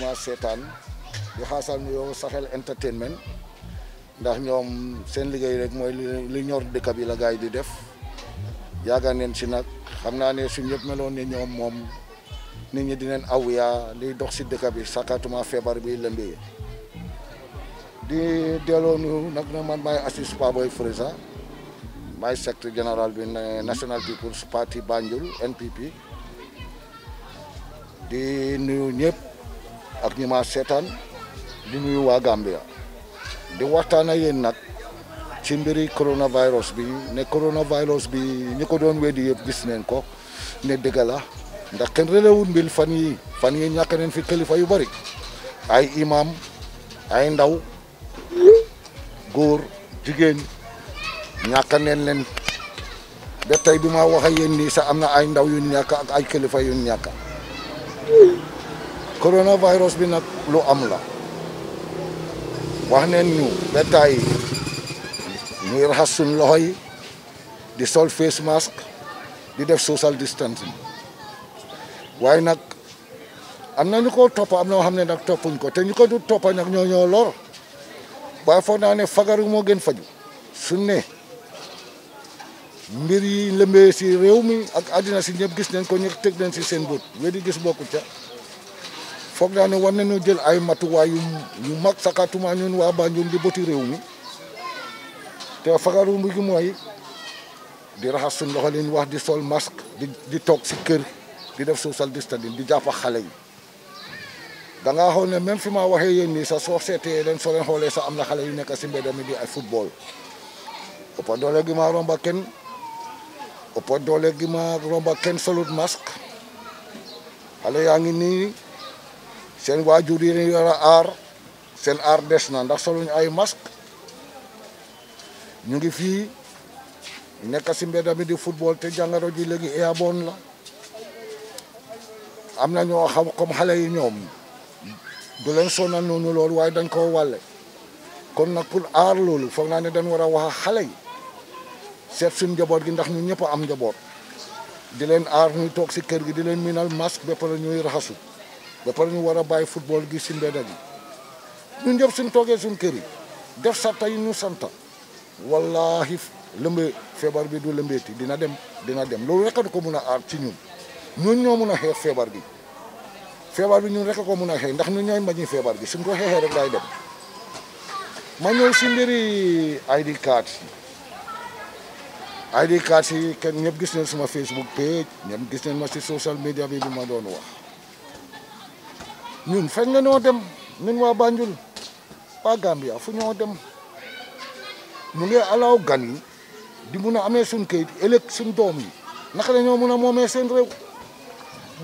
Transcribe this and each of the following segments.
ma setan di xaasal yo Sahel entertainment ndax ñom seen liggéey rek moy li ñor de kabila la gaay di def yaaga neen ci nak xamna ne suñu ñep meloon ne ñom mom nit ñi dineen awuyaa li dox si dëkk bi sakatuma febar bi lembe di delo nuyu nak na man assist pa Paboy Freza maay secrétaire général bi National People's Party Banjul NPP di nuyu ñep ak ñi ma seetaan di nuyu waa Gambia di waxtaan ak yéen nag ci mbiri coronavirus bi ne coronavirus bi ñi ko doon weddi yëpp gis nañ ko ne dëgg la ndax kenn relewul mbil fan yi fan yi ñàkk nañ fi kalifa yu bari ay imam ay ndaw góor jigéen ñàkk nañ leen ba tey bi ma wax ak yéen nii sax am na ay ndaw yu ñàkk ak ay kalifa yu ñàkk coronavirus bi nag lu am la wax neen ñu ba tàyyi raxas suñ loxo yi di sol face mask di def social distancing waaye nag am na ñu ko topp am na ñoo xam ne nag toppuñ ko te ñu ko du toppa nag ñoo ñoo lor waaye foog naa ne fagaru moo gën faju suñ ne mbir yi lëmbee si réew mi ak àddina si ñëpp gis nañ ko ñëpp teg nañ si seen bët di gis bokku ca foog naa ne war jël ay matuwaay yu yu mag sakatuma ñun waa ñun di bëti réew mi te fagaru mbi gi mooy di raxas suñ loxo leen wax di sol masque di di toog si kër di def social distancing di jàpp xale yi da ngaa xool ne même fi ma waxee yéen ni sa soo seetee leen soo leen xoolee sa am na yu nekk si mi di ay football ëppa doole gi ma romba kenn ëppa doole gi ma romba kenn solut masque xale yaa ngi sen wajuri ni ñu ar sen ar des na ndax soluñu ay mask ñu ngi fi nek ci mbeda mi di football te jangaro ji léegi eaboon la amna ñoo xam comme xalé yi ñom du len sona nonu lool way dañ ko walé kon nag pour ar lool fo nga ne dañ wara wax xalé yi set suñ gi ndax ñu ñepp am di len ar ñu tok ci kër gi di len minal mask be pare ñuy raxasu ba wara ñu wara bay football gi ci mbéda gi ñun ñëp suñu toogee suñu kër yi def sa tay ñu santa wallahi lembe febar bi du lëmbeeti dina dem dina dem lolu rek ko mëna ar ci ñun ñun ñoo mëna xé febar bi febar bi ñun rek ko mëna xé ndax ñun ñoy febar bi suñ ko xé rek lay dem ma ñëw ci mbiri ID card ID card yi ken ñëp gis na suma Facebook page ñëp gis na ma ci social media bi bi ma doon wax ñun fañ la ñoo dem ñun wa Banjul pa Gambia fu ñoo dem mu ngi alaw gan yi di mëna amé amee suñ kayit elek suñ doom yi nak la ñoo mëna momé seen rew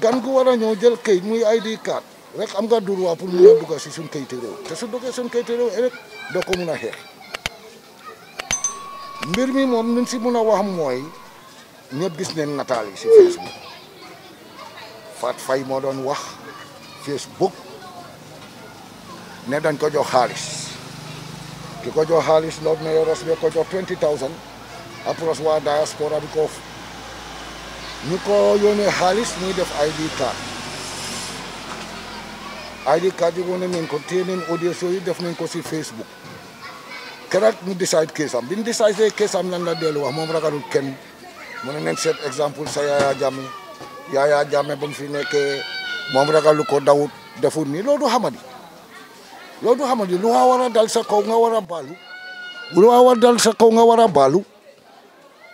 gan gu wara ñoo jël kayit muy ID card rek am nga droit pour mun dugga ci si suñ kayiti réew te su dugga suñ kayit rew elek do ko mëna xex mbir mi mom si mëna wax moy ñepp gis neen natal ci Facebook Fat fay mo doon wax Facebook ne dañ ko jox xaalis ki ko jox xaalis loolu ne Ross bi ko jox 20000 approche waa diaspora bi ko ñu ko yónnee xaalis muy def ID card ID card yi wane ko téye nañ audition yi def nañ ko si Facebook keroog ñu décide keesam bi ñu décide keesam lan la dellu wax moom ragalul kenn mu ne neen seet exemple sa Yaya Jammeh Yaya Jammeh ba mu fi nekkee. mom ragal lu ko dawut deful ni loolu Hamadi, xamadi loolu Hamadi, lu waa war dal sa ko nga wara balu lu waa war dal sa ko nga wara balu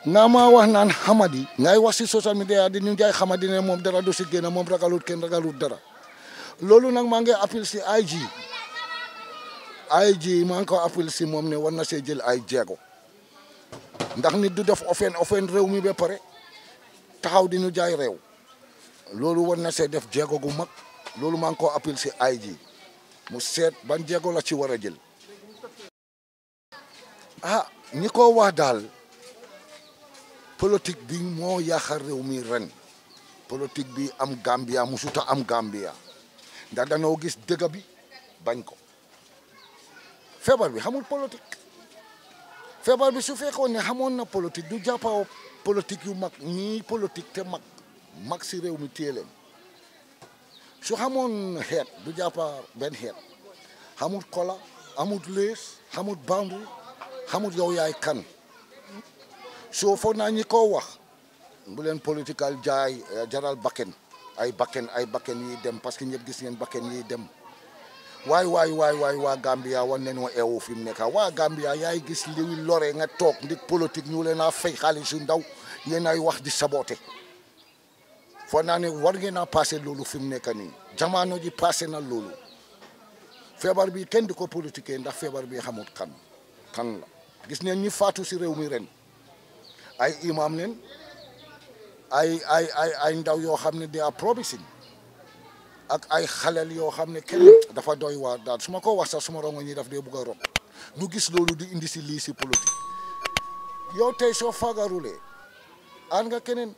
baalu ma wax xamadi ngay wax ci social media di ñu jay xamadi ne mom dara do ci gene mom ragalut ken ragalut dara lolu nak ma ngi appel si IG IG ma ngi appel si mom ne war na see jël ay jéego ndax nit du def ofen ofen rew mi be pare taxaw di ñu jay rew loolu war na see def jéego gu mag loolu maa ngi koo appel si ay ji mu seet ban jéego la ci war a jël ah ñi ko wax daal politique bi moo yaaxar réew mi ren politique bi am Gambia musuta am Gambia ndax danoo gis dëgg bi bañ ko feebar bi xamul politique feebar bi su fekkoon ne xamoon na politique du jàppoo politique yu mag ñii politique te mag mag si réew mi téye su xamoon xeet du jàppa benn xeet xamut kola xamut lees xamut bambu xamut yow yaay kan soo foog naa ñi ko wax bu leen political jaay eh, jaral bakken ay bakken ay bakken yiy dem parce que ñëpp gis ngeen bakken yiy dem waay waay waay waay waa Gambia wan leen eewu fi mu nekk waa Gambia yaay gis liy lore nga toog ndik politique ñu leen a fay xaalis yu ndaw ngeen ay wax di sabote foog naa ne war ngeen a passé loolu fi mu nekk nii jamono ji passé na loolu feebar bi kenn di ko politiquer ndax feebar bii xamut kan kan la gis neen ñi faatu si réew mi ren ay imam leen ay ay ay ay ndaw yoo xam ne they are promising ak ay xaleel yoo xam ne kenn dafa doy waar daal su ma ko wax sax su ma rongo ñi daf dee bugg a rob ñu gis loolu di indi si lii si politique yow tey soo fagarulee aan nga keneen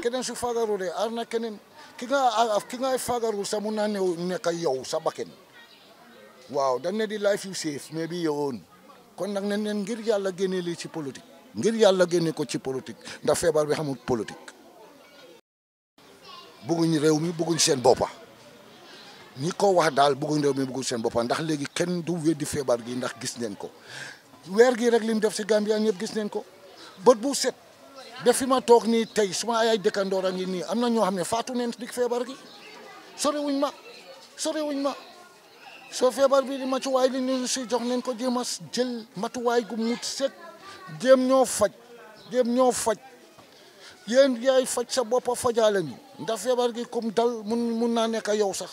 keneen su fagaru de aar na keneen ki nga ki nga e fagaru sa mun naa nekk yow sa bakkan waaw dañ ne di life you save mais bi yowoon kon nag ne neen ngir yàlla génne lii ci politique ngir yàlla génne ko ci politique ndax feebar bi xamul politique bëgguñ réew mi bëgguñ seen boppa ñi ko wax daal bëgguñ réew mi bëgguñ seen boppa ndax léegi kenn du di feebar gi ndax gis neen ko weer gi rek lim def si Gambia ñëpp gis neen ko bët bu set ba fi ma toog nii tey suma ay dëkkandoor a nii am na ñoo xam ne faatu neen dik feebar gi sori wuñ ma sori wuñ ma soo feebar bi di matuwaay li ñu si jox neen ko jéem a jël matuwaay gu mut set jéem ñoo faj jéem ñoo faj yéen yaay faj sa bopp a fajaale ñu ndax feebar gi comme dal mun mun naa nekk yow sax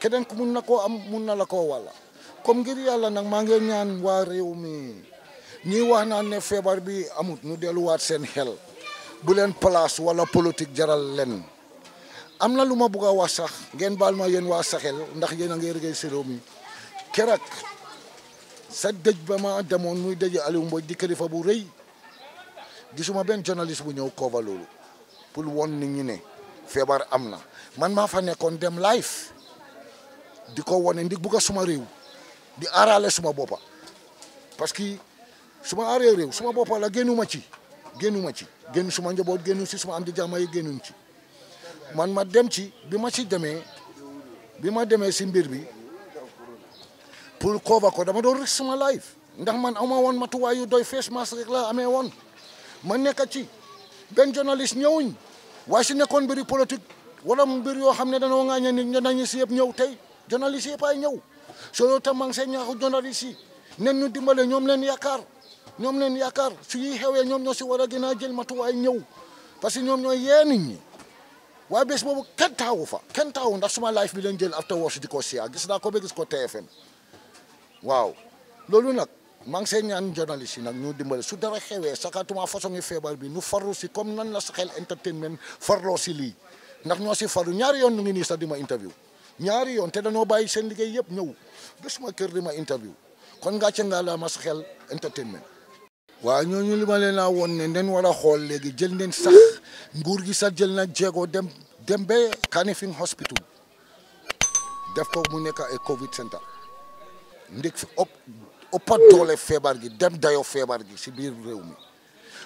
keneen ku mun na koo am mun na la ko wàlla comme ngir yàlla nag maa ngi ñaan waa réew mi ñi wax naan ne feebar bi amut ñu delluwaat seen xel bu leen place wala politique jaral leen am na lu ma bugg a wax sax ngeen baal ma yéen waa saxel ndax yéen a ngi rëggee si réew mi keroog sa dëj ba ma demoon muy dëj Aliou di kilifa bu rëy gisuma benn journaliste bu ñëw Febar loolu pour won nit ñi ne feebar am man maa fa nekkoon dem live di ko wone buka bugg suma réew di aarale suma boppa parce que suma réew rew suma boppa genu ma ci ma ci genu suma njabot genu si suma am di jàmm genu ci man ma dem ci bi ma si demee bi ma demee mbir bi pour ba ko dama do risk suma life ndax man ama woon matu yu doy face mask rek la wan. won ma nek ci ben journaliste ñewuñ wa politik. nekkon mbiri politique wala mbir yo xam dañu ngañe nit ñu nañu si yëpp ñëw tey journaliste yëpp ay ñëw soo loolu journaliste nen yakar ñoom leen yaakaar si ñuy xewee ñoom ñoo si war a gën a jël matuwaay ñëw parce que ñoom ñoo yee nit ñi waaye bés boobu kenn taawu fa kenn taawu ndax suma life bi leen jël after wash di ko si gis naa ko ba gis ko TFM waaw loolu nag maa ngi seen ñaan journaliste yi nag ñu dimbale su dara xewee sakatuma façon yi feebar bi ñu farlu si comme nan la Sahel Entertainment farloo si lii ndax ñoo si farlu ñaari yoon ñu ngi nii sax di ma interview ñaari yoon te dañoo bàyyi seen liggéey yëpp ñëw suma kër di ma interview kon gàcce nga la mas xel entertainment waaw ñooñu li naa woon ne nen wara xool léegi jël nen sax nguur gi sax jël na jéego dem dem ba Kanifing hospital def ko mu nekk ay covid centre ndik fi ëpp feebar gi dem dayo feebar gi si biir réew mi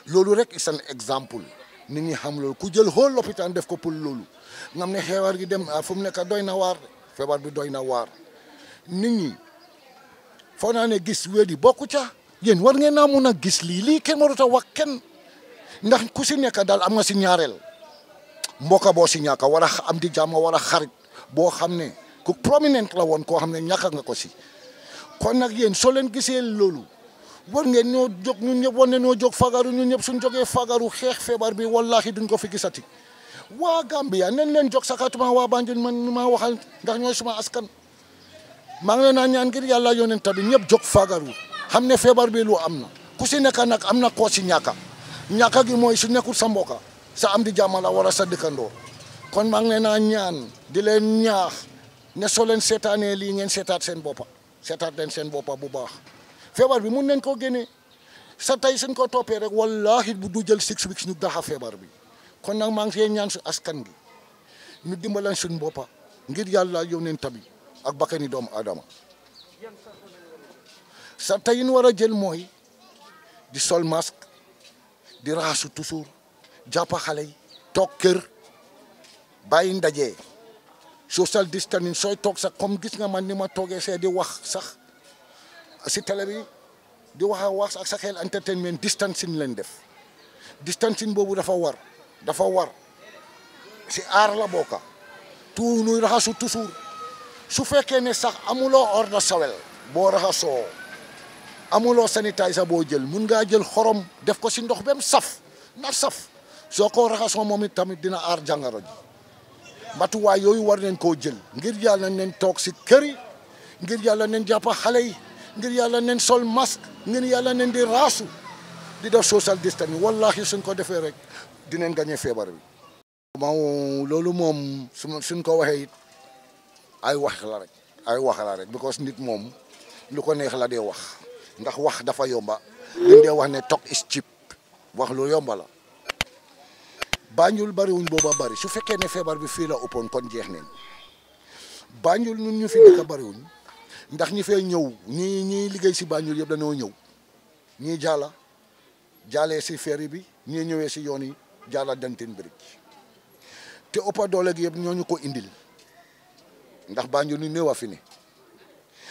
loolu rek is an exemple nit ñi xam loolu ku jël whole lopitaan def ko pour loolu ngam ne xeewar gi dem ah, fu mu nekk doy na waar feebar bi doy na waar nit ñi ne gis wedi bokku ca yen war ngeen naa na gisli gis li li ken mo a wak ken ndax ku ci nek dal am nga ci ñaarel mboka bo ci ñaka wara am di jamo wara xarit bo xamne ku prominent la won ko xamne ñaka nga ko ci kon nak yen so len gisee lolu war ngeen ñoo jog ñun ñoo fagaru ñun ñëpp suñ joge fagaru xex febar bi wallahi duñ ko fi gisati wa Gambia nen len jog sakatuma wa Banjul man ma waxal ndax ñoy suma askan mang ngi leen ñaan ngir yalla yonenta bi ñëpp jóg fagaru xamne ne bi lu amna na ku ci nek nak am na ci ñaka ñaka gi moy su nekul sa mboka sa am di jamala wala sa dikando kon mang ngi leen ñaan di leen ñaax ne so leen setané e li ngeen setat seen bopa setat den seen bopa bu baax febar bi mun nañ ko génnee sa tay suñ ko topé rek wallahi bu du jël six weeks ñu daxa febar bi kon nang mang ngi ñaan su askan gi ñu dimbalan suñ bopa ngir yalla yonenta bi ak bakani doom adama sa tay ñu wara jël moy di sol masque di rasu toujours jappa xalé tok toog kër ndaje social distancing soy tok sax comme gis nga man ni ma togué sé di wax sax si télé bi di wax wax ak sa xel entertainment distancing lañ def distancing bobu dafa war dafa war si arla la tu tout nuy rasu toujours su fekkee ne sax amuloo eau sawel boo raxasoo amuloo sanitizer boo jël mun ngaa jël xorom def ko si ndox bem saf na saf soo ko raxasoo moom it tamit dina aar jàngaro ji matuwaay yooyu war nañ koo jël ngir yàlla nañ toog si kër yi ngir yàlla nañ jàpp xale yi ngir yàlla nañ sol masque ngir yàlla nañ di raasu di def social distancing wallahi suñ ko defee rek dinañ gañe feebar bi. moom loolu moom suñ ko waxee it ay wax la rek ay wax la rek because nit mom. lu ko neex la de wax ndax wax dafa yomba dañ de wax ne tok is cheap wax lu yomba la bari wuñ boba bari su fekke ne febar bi fi la opone kon jeex neen bañul ñun ñu fi dëkk wuñ ndax ñi ñew ñi ñi liggey si bañul yeb dañu ñew ñi jala jale si ferry bi ñi ñewé ci yoni, jala jaala dantin te opa doole gi yëpp ñooñu ko indil ndax Banjul nu néew a fi ne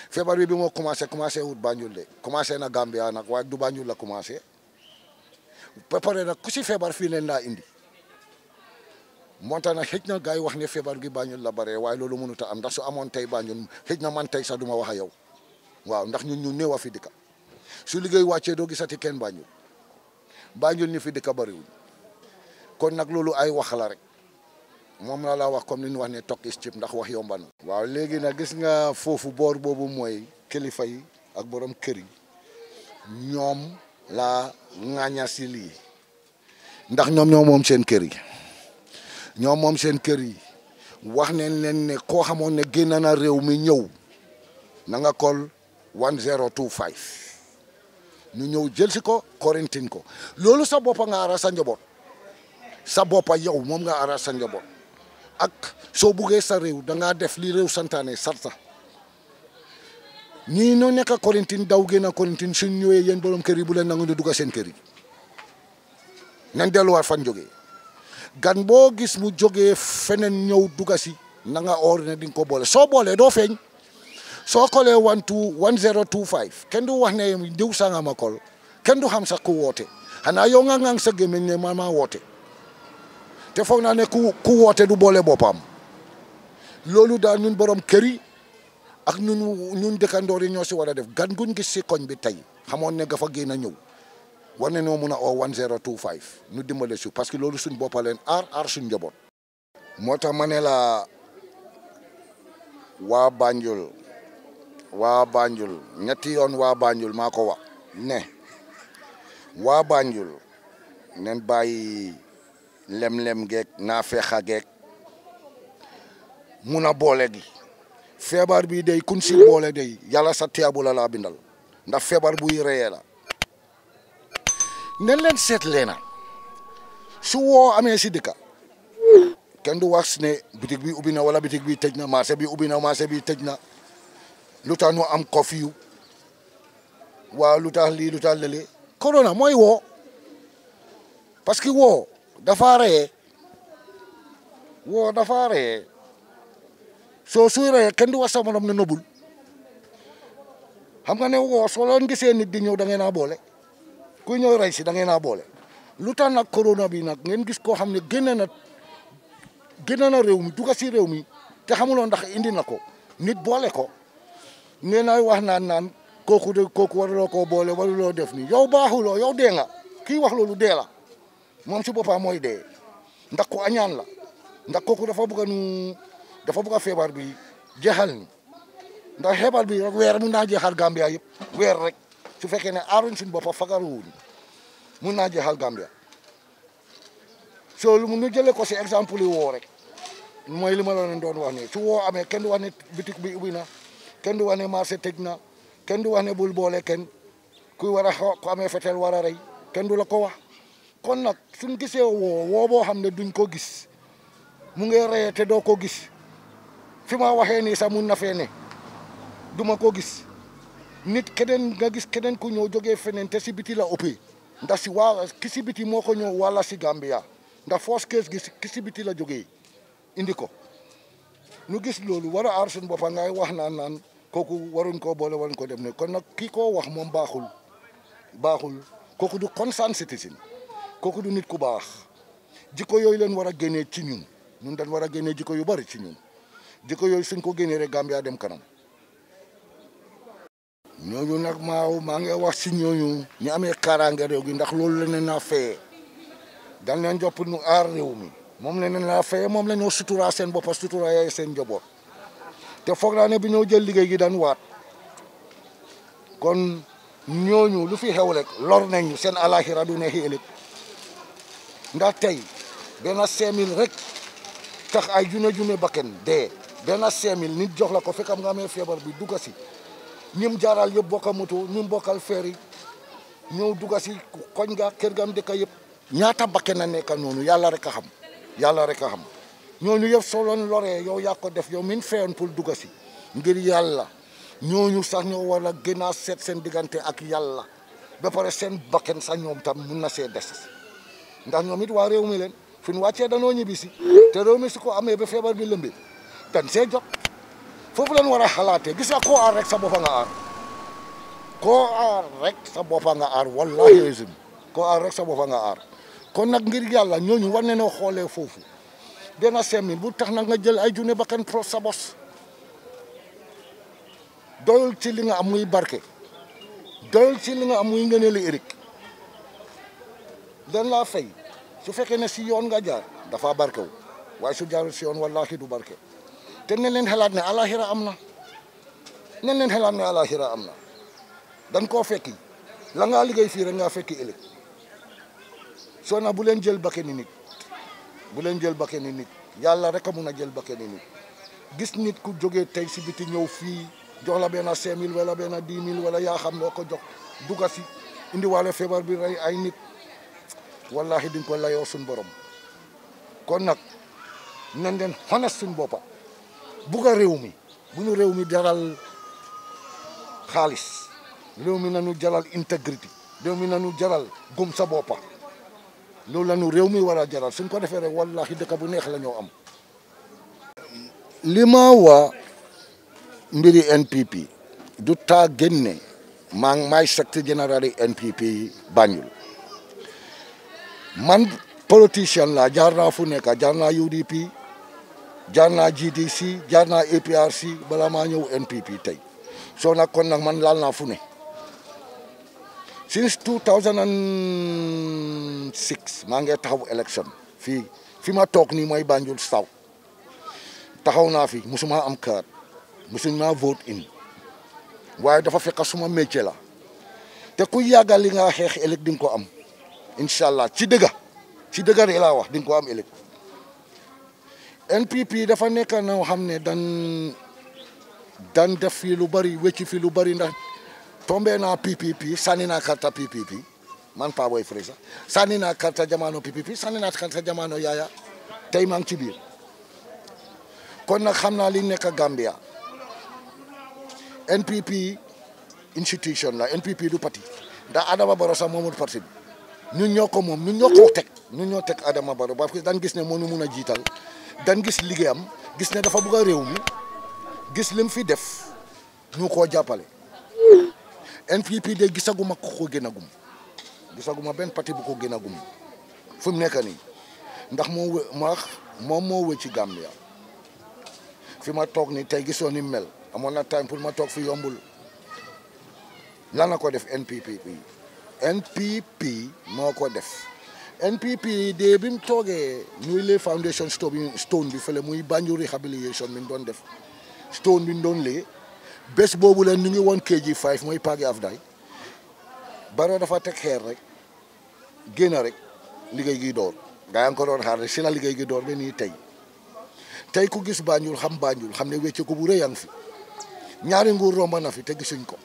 feebar bi bi moo commencé commencé wut Banjul de commencé na Gambia nag waaye du Banjul la commencé ba pare nag ku si feebar fii leen laa indi moo tax nag xëj na gars yi wax ne feebar gi Banjul la bare waaye loolu mënut am ndax su amoon tey Banjul xëj na man tey sax du ma wax a yow waaw ndax ñu ñu néew a fi dëkk su liggéey wàccee doo gisati kenn Banjul Banjul ñu fi dëkk bariwul kon nag loolu ay wax la rek. moom laa la wax comme ni ñu wax ne tokk is cib ndax wax yomba na waaw léegi na gis nga foofu boor boobu mooy kilifa yi ak boroom kër yi ñoom laa ŋaaña si lii ndax ñoom ñoo moom seen kër yi ñoom moom seen kër yi wax nañ leen ne koo xamoon ne génn na réew mi ñëw na nga kol one zero two ñu ñëw jël si ko quarantine ko loolu sa boppa nga ara sa njaboot sa boppa yow moom nga ara sa njaboot ak soo buggee sa réew da ngaa def li réew santaane sarta ñii ñoo nekk Korintine daw génn Korintine suñ ñëwee yéen borom kër yi bu leen nangu ñu dugg seen kër yi nañ delluwaat fan jógee gan boo gis mu jógee feneen ñëw dugg si na nga or ne di nga ko boole soo boolee doo feeñ soo kolee one two one zero two five kenn du wax ne diw sangama kol kenn du xam sax ku woote xanaa yow nga ngang sa gémmiñ ne maa maa woote. te foog naa ne ku ku woote du boole boppam loolu daal ñun borom kër yi ak ñun ñun dëkkandoor yi ñoo si war a def gan guñ gis si koñ bi tey xamoon ne gafa génn a ñëw war ne noo mun a oo 1025 ñu dimbale si parce que loolu suñ boppaleen leen aar aar suñ njaboot moo tax ma ne la waa Banjul waa Banjul ñetti yoon waa Banjul maa ko wax ne waa Banjul nen bàyyi lem-lem geeg naa fexa geeg mun na boole gi feebar bi day kun si boole day yàlla sa tiyaabu la bindal ndax feebar buy reyee la nen leen seet leena su woo amee si dëkka kenn du wax ne bitig bi ubbi na wala bitig bi tëj na marché bi ubbi na bi tëj na lu tax ñu am curfew waa lu tax lii lu tax lële corona mooy woo parce woo dafa reye woo dafa reye soo suy reye kenn du wax sa na ne nobul xam nga ne woo soo leen gisee nit di ñëw da ngeen naa boole kuy ñëw rey si da ngeen boole lu tax nag korona bi nag ngeen gis koo xam ne génne na génne na réew mi duga si réew mi te xamuloo ndax indi na ko nit boole ko ngeen ay wax naan naan kooku de kooku waruloo ko boole waruloo def nii yow baaxuloo yow dee nga kii wax loolu dee la moom ci bopam moy dé ndax ko añaan la ndax ko dafa bëgg ñu nu dafa bëgg febar bi jéxal ni ndax feebar bi rek weer mun na jéxal Gambia yépp weer rek su né arun suñ bopam fagaru fagaruwuñ mun na jéxal Gambia so lu mu ñu jëlee ko si exemple yi woo rek moy li ma la doon wax ne su wo amé kenn du wax ne bitik bi ubina kenn du wax marché tejna kenn du wax bul bolé kenn kuy wara a xaw ku amee fetel rey kenn du la ko wax. kon nag suñ gisee woo woo boo xam ne duñ ko gis mu ngi reye te doo ko gis fi ma waxee nii sax mun ne duma ko gis nit keneen nga gis keneen ku ñëw jógee feneen te si biti la ëppee ndax si waa ki si biti moo ko ñëw wala si Gambia ndax force kees gis ki si biti la jógee indi ko nu gis loolu war a aar suñu boppa ngay wax naan naan kooku waruñ koo boole waruñ ko dem ne kon nag kii ko wax moom baaxul baaxul kooku du concerned citizen koku du nit ku bax jiko yoy len wara gene ci ñun ñun dañ wara gene jiko yu bari ci ñun jiko yoy suñ ko gene rek Gambia dem kanam ñoñu nak maaw ma nga wax si ñoñu ñi amé karanga rew gi ndax loolu la leen naa dañ leen jop nu ar rew mi mom la leen la ñoo seen bop sutura yaay seen jobo te fokk naa ne bi ñoo jël liggéey gi dañ waat kon ñoñu lu fi xew rek lor nañu sen alakhiratu du ne ndax tey benn 5000 rek tax ay junne junne bakken dee benn 5000 ni jox la ko fekk am nga amee feebar bi dugga si ñim jaaral yëpp bokka moto ñim bokkal feer yi ñëw dugga si koñ nga kër gam dëkka yëpp ñaata bakken na nekka noonu yàlla rek a xam yàlla rek a ñooñu yëpp soo loon loree yow yaa ko def yow min feeyoon pour dugga si ngir yàlla ñooñu sax ñoo war a seet seen diggante ak yàlla ba pare seen bakken sax ñoom tam mun na see des ndax ñoom it waa réew mi leen fi ñu wàccee danoo ñibbi si te réew mi su ko amee ba feebar bi lëmbi dan see jot foofu leen war a xalaatee gis nga koo aar rek sa boppa nga aar koo aar rek sa boppa nga aar wallahi lazim ya koo aar rek sa boppa nga aar kon nag ngir yàlla ñooñu war ne noo xoolee foofu benn semmi bu tax nag nga jël ay junne ba kenn pro sa bos doyul ci li nga am muy barke doyul ci li nga am muy ngëneelu Eric dañ la fay su fekkee ne si yoon nga jaar dafa wu waaye su jaarul si yoon wallahi du barke te ne leen xalaat ne alaxira am na ne leen xalaat ne alaxira am na dañ koo fekki la nga liggéey fii rek ngaa fekki ëllëg soo na bu leen jël ni nit bu leen jël ni nit yàlla rek a mun a jël bakkani nit gis nit ku jógee tey si biti ñëw fii jox la benn cinq mille wala benn dix mille wala yaa xam loo ko jox duga si indiwaale feebar bi rey ay nit wallahi duñ ko layoo suñ borom kon nag nan ngeen xanas boppa bugg a réew mi bu ñu réew mi jaral xaalis réew mi nañu jaral intégrité réew mi na nañu jaral gum sa boppa loolu la ñu réew mi wala jaral suñ ko defee rek wallahi dëkk bu neex la ñoo am li ma waa mbiri NPP du taa génne maa ngi maay secrétaire général NPP Banjul man politicien la jaar naa fu nekk jaar naa UDP jaar naa GDC jaar naa APRC bala maa ñëw NPP tey soo nag kon nag man laal naa fu ne since 2006 maa ngi taxaw élection fii fi ma toog ni mooy Banjul saw taxaw naa fi musuma am carte musuma vote in waaye dafa fekk suma métier la te ku yàggal li nga xeex ëllëg di nga ko am. inshallah allah ci dëgga ci deugar ila wax di ko am elek NPP dafa nekk xamne dan dan def fi lu bari wecc fi lu bari ndax tombé na PPP sanina carte PPP man pa Boy frisa sanina carte jamano PPP sanina carte jamano yaya tay mang ci bir kon nak xamna li nekk Gambia NPP institution la NPP du parti da Adama borosa sax parti ñun ñoo ko moom ñun ñoo ko teg ñu ñoo teg Adama Barrow parce que daan gis ne moo ñu mun a jiital daan gis liggéeyam gis ne dafa bugg a réew mi gis lim fi def ñu koo jàppale NPP de gisaguma ko ko gën gum gisaguma benn pati bu ko gën gum fu mu nekk nii ndax moo maax moom moo wëcc ci fi ma toog ni tey gisoo ni mel amoon na time pour ma toog fi yombul lan la ko def NPP bi NPP moo ko def NPP de bi mu toogee ñuy lay foundation stone bi fële muy Banjul rehabilitation bi ñu doon def stone bi ñu doon lee bés boobu la ñu ngi woon KG5 mooy Pagi Afdaye Barrow dafa teg xeer rek génn rek liggéey gi door gaa ko doon xaar rek si la liggéey gi door ba nii tey tey ku gis Banjul xam Banjul xam ne wécce ko bu rëy fi ñaari nguur romb na fi te gisuñ ko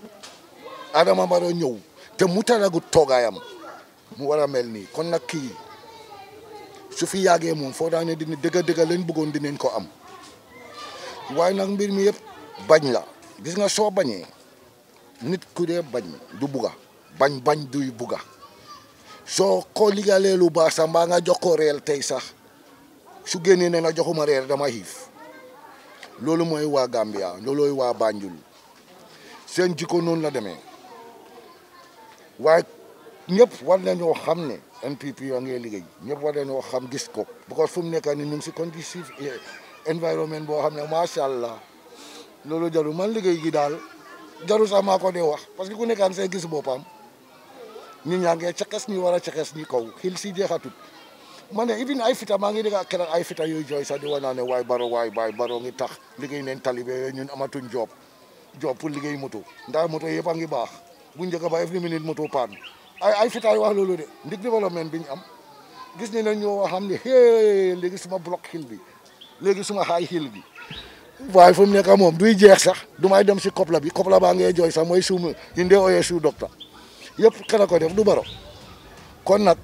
Adama Barrow ñëw. te gu togayam mu wara melni kon nak ki su fi yage mom fo dañu dina dinañ ko am way nak mbir mi yeb bañ la gis nga so bañé nit ku dé bañ du buga bañ bañ yu buga so ko ligalé lu ba sa ma nga jox ko réel tay sax su génné né na joxuma réel dama hif lolu moy wa Gambia moy wa Banjul seen jiko non la démé waaye ñëpp war nañoo xam ne NPP a ngi liggéey ñëpp war nañoo xam gis ko because fu mu nekk ni ñu ngi si condition eh, environnement boo xam ne macha allah loolu jarul man liggéey gi daal jarul sax maa ko dee wax parce que ku nekkaan say gis boppam ñun ñaa ngi cekes ni war a cekes ñi kaw xil si jeexatut ma ne even ay fita maa ngi dégg ak keroog ay fita yooyu jooy sax di wax naa ne waay baro waay baay baro ngi tax liggéey neen talibe ñun amatuñ job job pour liggéey moto a ngi baax bu njëkk ba every minute moto paan ay ay fitaay wax loolu de ndig développement bi ñu am gis ne na ñoo xam ne é léegi suma block hill bi léegi suma high hill bi waaye fu mu moom duy jeex sax du may dem si kopla bi kopla baa ngee jooy sax mooy suum ñu ndee ooyee suu docteur yëpp kana ko def du baro kon nag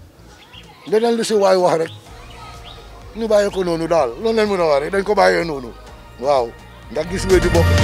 leneen lu si waay wax rek ñu bàyyee ko noonu daal loolu leen mën a wax rek dañ ko bàyyee noonu waaw ndax gis nga di bokk